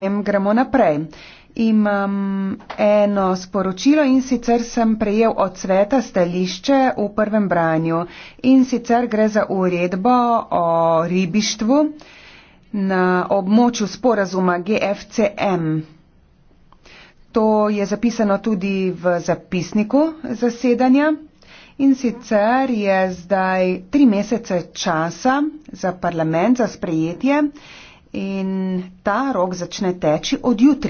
Potem gremo naprej. Imam eno sporočilo in sicer sem prejel od sveta stališče v prvem branju in sicer gre za uredbo o ribištvu na območju sporazuma GFCM. To je zapisano tudi v zapisniku zasedanja in sicer je zdaj tri mesece časa za parlament za sprejetje in ta rok začne teči od jutri.